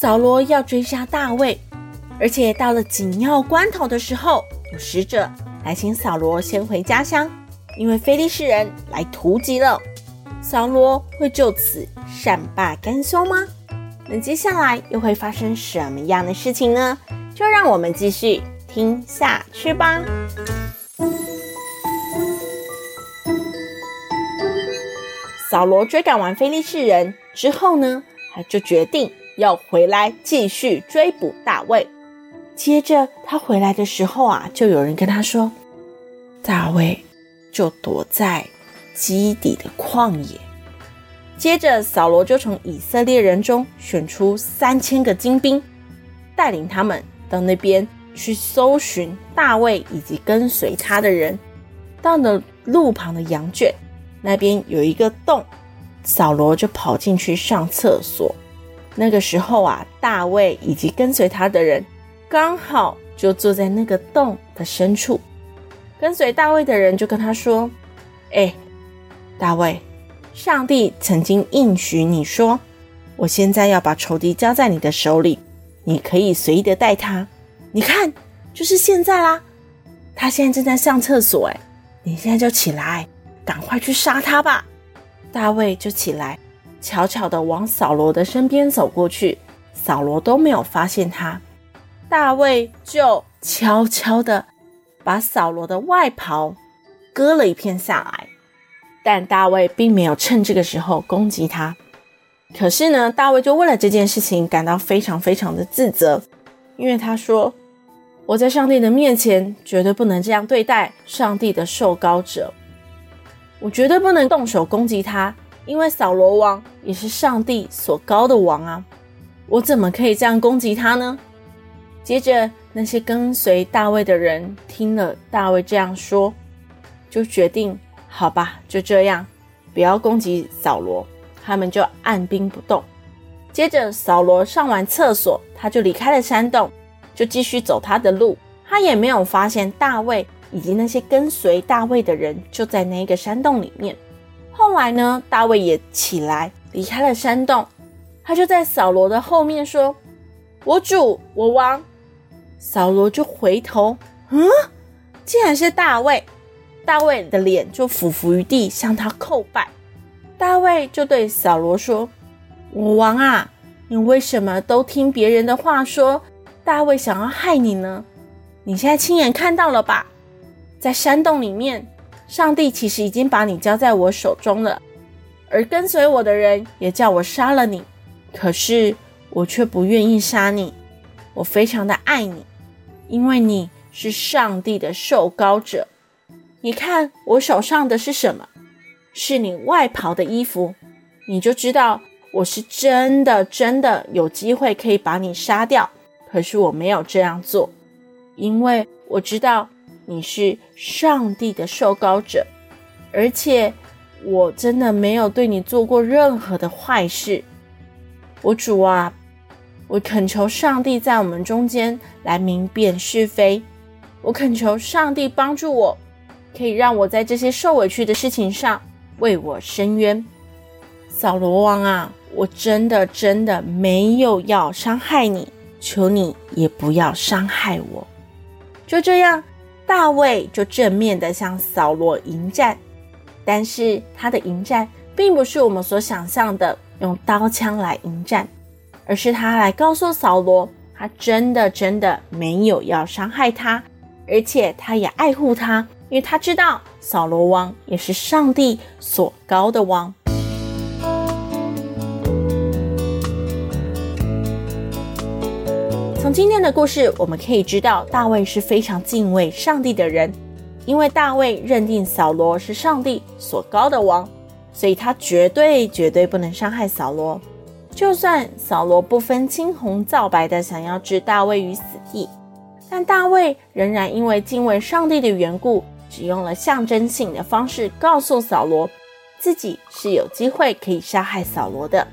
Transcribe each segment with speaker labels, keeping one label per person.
Speaker 1: 掃羅要追殺大衛，而且到了緊要關頭的時候，有使者來請掃羅先回家鄉，因為非利士人來突擊了。掃羅會就此善罷甘休嗎？那接下來又會發生什麼樣的事情呢？就讓我們繼續聽下去吧。掃羅追趕完非利士人之後呢，他就決定。要回來繼續追捕大衛。接着他回來的時候啊，就有人跟他說，大衛就躲在基底的曠野。接着掃羅就從以色列人中選出三千個精兵，帶領他們到那邊去搜尋大衛以及跟隨他的人。到了路旁的羊圈，那邊有一個洞，掃羅就跑進去上廁所。那個時候啊，大衛以及跟隨他的人剛好就坐在那個洞的深處。跟隨大衛的人就跟他說：“哎、欸，大衛，上帝曾經應許你說，我現在要把仇敵交在你的手裡，你可以隨意的待他。你看，就是現在啦，他現在正在上廁所、欸。誒，你現在就起來，趕快去殺他吧。”大衛就起來。悄悄的往掃羅的身邊走過去，掃羅都沒有發現他。大衛就悄悄的把掃羅的外袍割了一片下來，但大衛並沒有趁這個時候攻擊他。可是呢，大衛就為了這件事情感到非常非常的自責，因為他說：“我在上帝的面前絕對不能這樣對待上帝的受膏者，我絕對不能動手攻擊他。”因為掃羅王也是上帝所膏的王啊，我怎麼可以這樣攻擊他呢？接着，那些跟隨大衛的人聽了大衛這樣說，就決定：好吧，就這樣，不要攻擊掃羅。他們就按兵不動。接着，掃羅上完廁所，他就離開了山洞，就繼續走他的路。他也沒有發現大衛以及那些跟隨大衛的人就在那個山洞裡面。後來呢，大衛也起來離開了山洞，他就在掃羅的後面說：“我主，我王。”掃羅就回頭，嗯，竟然是大衛。大衛的臉就俯伏於地，向他叩拜。大衛就對掃羅說：“我王啊，你為什麼都聽別人的話說大衛想要害你呢？你現在親眼看到了吧，在山洞裡面。”上帝其實已經把你交在我手中了，而跟隨我的人也叫我殺了你，可是我卻不願意殺你，我非常的愛你，因為你是上帝的受膏者。你看我手上的是什麼？是你外袍的衣服，你就知道我是真的真的有機會可以把你殺掉，可是我沒有這樣做，因為我知道。你是上帝的受膏者，而且我真的沒有對你做過任何的壞事。我主啊，我懇求上帝在我們中間來明辨是非。我懇求上帝幫助我，可以讓我在這些受委屈的事情上為我伸冤。掃羅王啊，我真的真的沒有要傷害你，求你也不要傷害我。就這樣。大衛就正面的向掃羅迎戰，但是他的迎戰並不是我們所想象的用刀槍來迎戰，而是他來告訴掃羅，他真的真的沒有要傷害他，而且他也愛護他，因為他知道掃羅王也是上帝所膏的王。從今天的故事，我們可以知道，大衛是非常敬畏上帝的人，因為大衛認定掃羅是上帝所膏的王，所以他絕對絕對不能傷害掃羅。就算掃羅不分青紅皂白的想要置大衛於死地，但大衛仍然因為敬畏上帝的緣故，只用了象徵性的方式告訴掃羅，自己是有機會可以殺害掃羅的。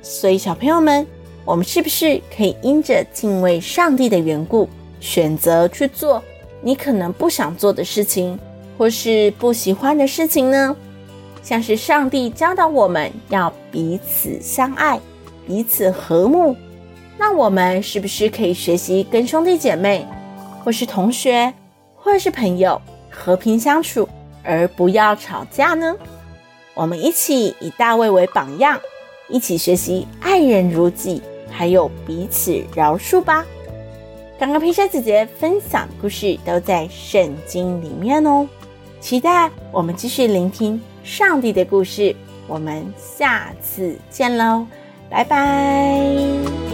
Speaker 1: 所以，小朋友們。我們是不是可以因着敬畏上帝的緣故，選擇去做你可能不想做的事情，或是不喜歡的事情呢？像是上帝教導我們要彼此相愛、彼此和睦，那我們是不是可以學習跟兄弟姐妹，或是同學，或是朋友和平相處，而不要吵架呢？我們一起以大衛為榜樣，一起學習愛人如己。還有彼此饒恕吧。剛剛佩珊姐姐分享的故事都在聖經裡面哦，期待我們繼續聆聽上帝的故事。我們下次見嘍，拜拜。